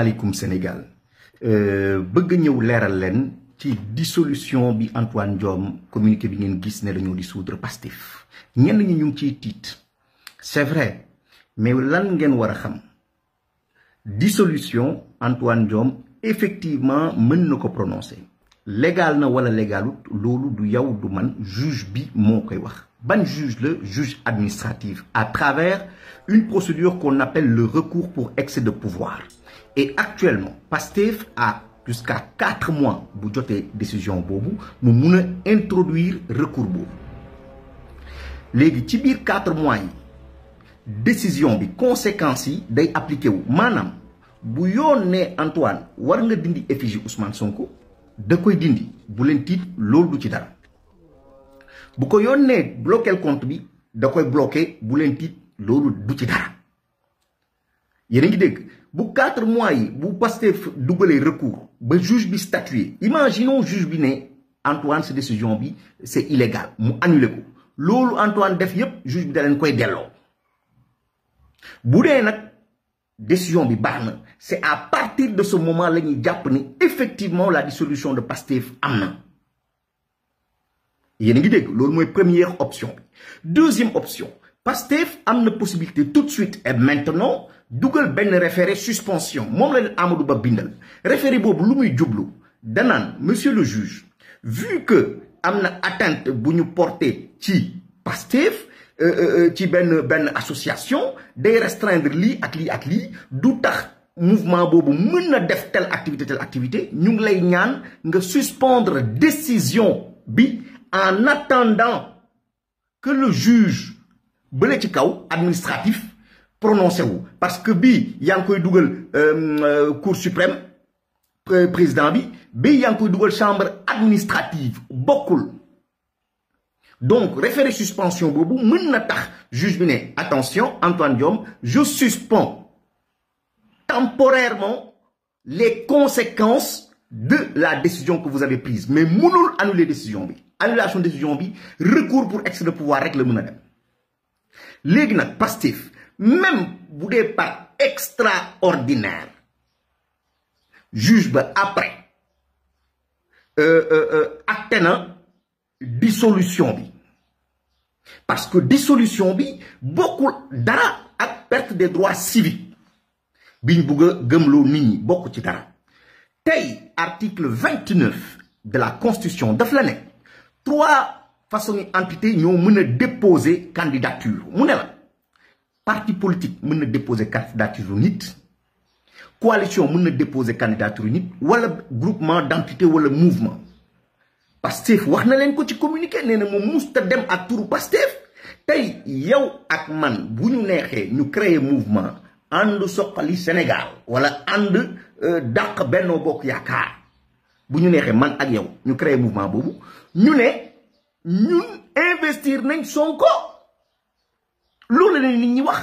alekum Sénégal euh, bëgg ñëw leeral leen ci dissolution bi Antoine Diome communiqué bi ngeen gis ne dañoo dissoudre Pastef ñenn ñi ñu ngi ciy tiit c'est vrai mais lan ngeen war a xam dissolution Antoine Diome effectivement mën na ko prononcer légal na wala légalut loolu du yow du man juge bi moo koy wax. ban juge le juge administratif à travers une procédure qu'on appelle le recours pour excès de pouvoir et actuellement Pastef a jusqu'à quatre mois bu jotee décision boobu mu mun introduire recours boobu léegi ci biir quatre mois yi décision bi conséquences yi day appliqué wu maanaam bu yoon ne Antoine war nga dindi effigie Ousmane Sonko da koy dindi bu leen tiit loolu du ci dara bu ko yónnee bloqué compte bi da koy bloqué bu leen tiit loolu du ci dara yéen a ngi dégg bu quatre mois yi bu Pastef dugalee recours ba juge bi statué imaginons juge bi ne Antoine sa décision bi c'est illégal mu annulé ko loolu Antoine def yépp juge bi da koy delloo bu dee nag décision bi baax na c'est à partir de ce moment la ñuy jàpp ni effectivement la dissolution de Pastef am na yéen a ngi dégg loolu mooy première option bi deuxième option Pastef am na possibilité tout de suite et maintenant dugal benn référé suspension moom la leen Amadou Ba bindal référé boobu lu muy jublu danaan monsieur le juge vu que am na atteinte bu ñu porté ci Pastef euh, euh, euh, ci benn benn association day restreindre lii ak lii ak lii du tax mouvement boobu mën na def telle activité telle activité ñu ngi lay ñaan nga suspendre décision bi en attendant que le juge bële ci kaw administratif prononcé wu parce que bii yaa ngi koy dugal euh, euh, cour suprême président bi bii yaa dugal chambre administrative bokkul donc référé suspension boobu mën na tax juge bi ne attention Antoine Diome je suspends temporairement les conséquences de la décision que vous avez prise mais mënul annuler décision bi annulation décision bi recours pour excès de pouvoir la mën a dem léegi nag Pastef même bu dee par extraordinaire juge ba après euh, euh, euh, acte na dissolution bi parce que dissolution bi bokkul dara ak perte des droits civiques biñ bugg a gëmloo nit ñi bokk ci dara tey article vingt neuf de la constitution daf la ne trois façons entité ñoo mën a déposer candidature mu ne la parti politique mën na déposer candidature nit coalition mën na déposé candidature nit wala groupement d'entité wala mouvement Pastef wax na leen ko ci communiqué nee na moom musta dem ak turu Pastef tey yow ak man bu ñu neexee ñu créer mouvement ànd soqali Sénégal wala ànd Euh, dàq bennoo Bokk Yaakaar bu ñu neexee man ak yow ñu bu mouvement boobu ñu ne ñun investir nañ Sonko loolu la nit ñi wax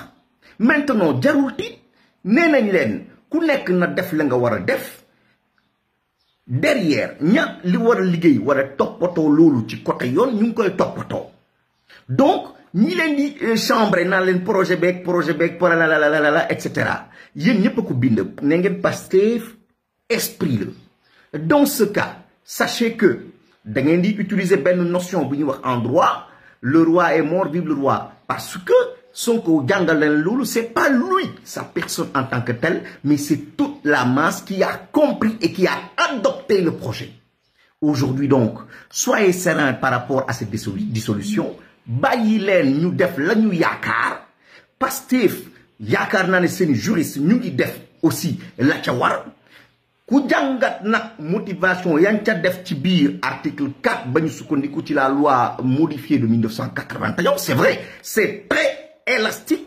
maintenant jarul tiit nee nañ leen ku nekk na def la nga war a def derrière ña li war a liggéey war a toppatoo loolu ci côté yoon ñu ngi koy toppatoo donc ñi leen di euh, chambre naan leen projet beeg projet beeg la et cetera yéen ñëpp a ko bind ne ngeen Pastef esprit la dans ce cas sachez que da ngeen di utiliser benn notion bu ñuy wax en droit le roi est mort vive roi parce que Sonko jàngal leen loolu c'est pas lui sa personne en tant que telle mais c'est toute la masse qui a compris et qui a adopté le projet aujourd'hui donc soyez serein par rapport à cette dissolution bàyyi leen ñu def la ñu yaakaar Pastef yaakaar naa ne seen juriste ñu ngi def aussi la ca war ku jàngat nag motivation yan ca def ci biir article 4 ba ñu sukkandiku ci la loi modifiée de 1991 c'est vrai c'est très élastique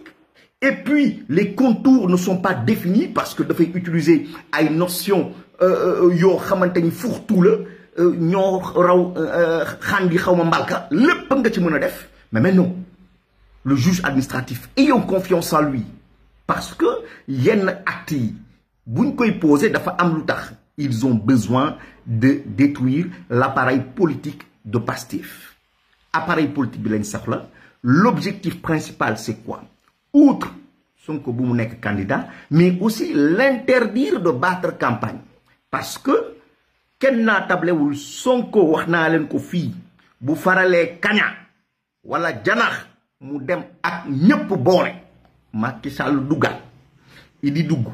et puis les contours ne sont pas définis parce que dafay utiliser ay notions euh, euh, yoo xamante ni fourre-tout la euh, ñoo raw xaan gi xaw ma mbalka lépp nga ci mën a def Mais maintenant, le juge administratif ayons confiance en lui parce que yenn acte yi koy posé dafa am lu tax ils ont besoin de détruire l'appareil politique de Pastef appareil politique bi lañ soxla l'objectif principal c'est quoi outre Sonko bu mu nekk candidat mais aussi l'interdire de battre campagne parce que kenn naa table Sonko wax naa leen ko fii bu faralee kaña wala janax mu dem ak ñépp boole Macky Sall duggal Idi dugg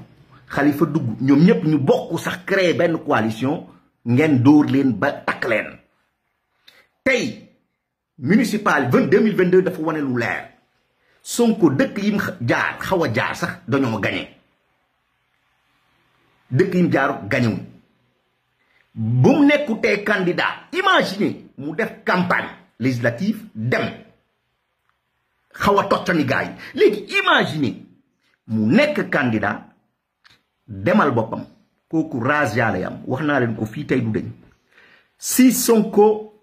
Khalifa dugg ñoom ñépp ñu bokk sax créer benn coalition ngeen dóor leen ba takk leen tey municipal vingt deux mille dafa wane lu leer Sonko dëkk yim jaar xaw a jaar sax dañoo gañe dëkk yim jaaru gañewuñ bu mu nekkutee candidat imaginez mu def campagne législative dem xaw a tottani gaa imagine mu nekk candidat demal boppam kooku rage yàlla yam wax naa leen ko fii tey du dañ si Sonko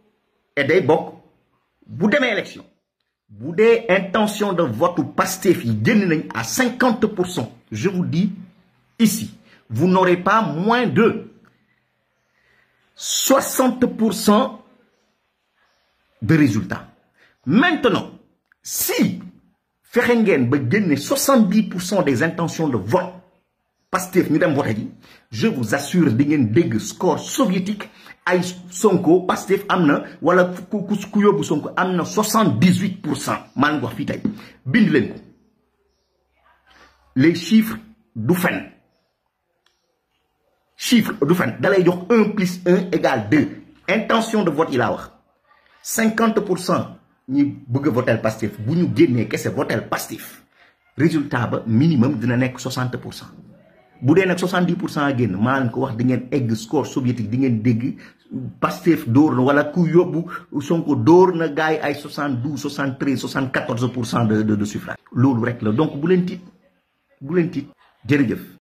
et day bokk bu demee élection bu dee intention de vote Pastef yi génn nañ à cinquante pour cent je vous dis ici vous n'aurez pas moins de de résultat maintenant si fexe ngeen ba génne 70 pour cent des intentions de vote Pastef ñu dem vote ji je vous assure di ngeen dégg score soviétique ay Sonko Pastef am na wala ku ku yóbbu Sonko am na 78 pour cent maa ngi wax fii tey bind leen ko les chiffres du fen chiffre du fen da jox 1 plus 1 égale 2 intention de vote yi laa wax. cinquante pour cent ñi bëgg a votel Pastef bu ñu génnee kese votel Pastef résultat ba minimum dina nekk soixante pour cent bu dee nag soixante dix pour cent a génn maa leen ko wax di ngeen egg score soviétique di ngeen dégg Pastef dóor na wala ku yóbbu Sonko dóor na gars yi ay soixante douze soixante treize soixante quatorze pour cent de de suffrage loolu rek la donc bu leen tiit bu leen tiit jërëjëf